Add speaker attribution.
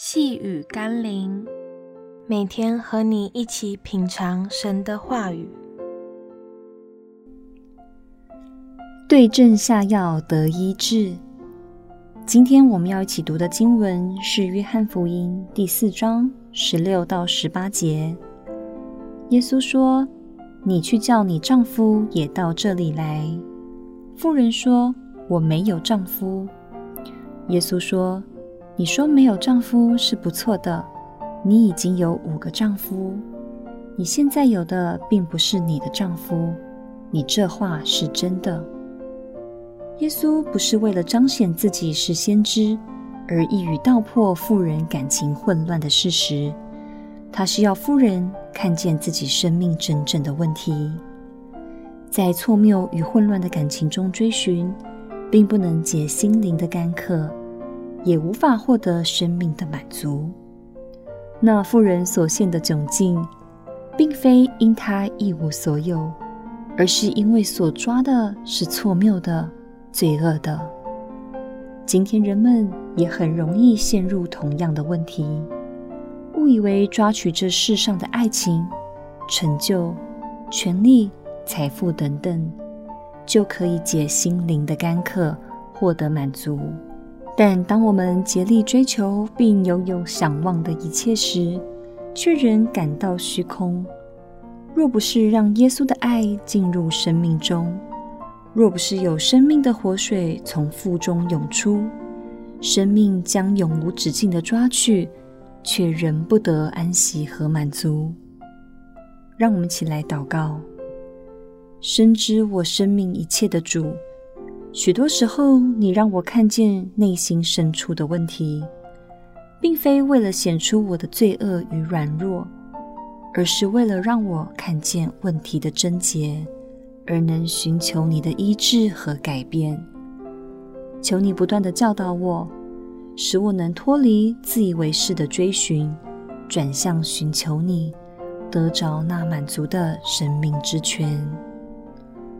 Speaker 1: 細語甘霖，每天和你一起品嘗神的話語，對症下藥得醫治。今天我們要一起讀的經文是《約翰福音》第四章十六到十八節。耶穌說：“你去叫你丈夫也到這裡來。”婦人說：“我沒有丈夫。”耶穌說。你說沒有丈夫是不錯的，你已經有五個丈夫，你現在有的並不是你的丈夫，你這話是真的。耶穌不是為了彰顯自己是先知，而一語道破婦人感情混亂的事實，他是要婦人看見自己生命真正的問題，在錯謬與混亂的感情中追尋，並不能解心靈的乾渴。也無法獲得生命的滿足。那婦人所陷的窘境，並非因她一無所有，而是因為所抓的是錯謬的、罪惡的。今天人們也很容易陷入同樣的問題，誤以為抓取這世上的愛情、成就、權力、財富等等，就可以解心靈的乾渴，獲得滿足。但當我們竭力追求並擁有想望的一切時，卻仍感到虛空。若不是讓耶穌的愛進入生命中，若不是有生命的活水從腹中湧出，生命將永無止境地抓取，卻仍不得安息和滿足。讓我們起來禱告，深知我生命一切的主。許多時候，你讓我看見內心深處的問題，並非為了顯出我的罪惡與軟弱，而是為了讓我看見問題的症結，而能尋求你的醫治和改變。求你不斷地教導我，使我能脫離自以為是的追尋，轉向尋求你，得着那滿足的生命之泉。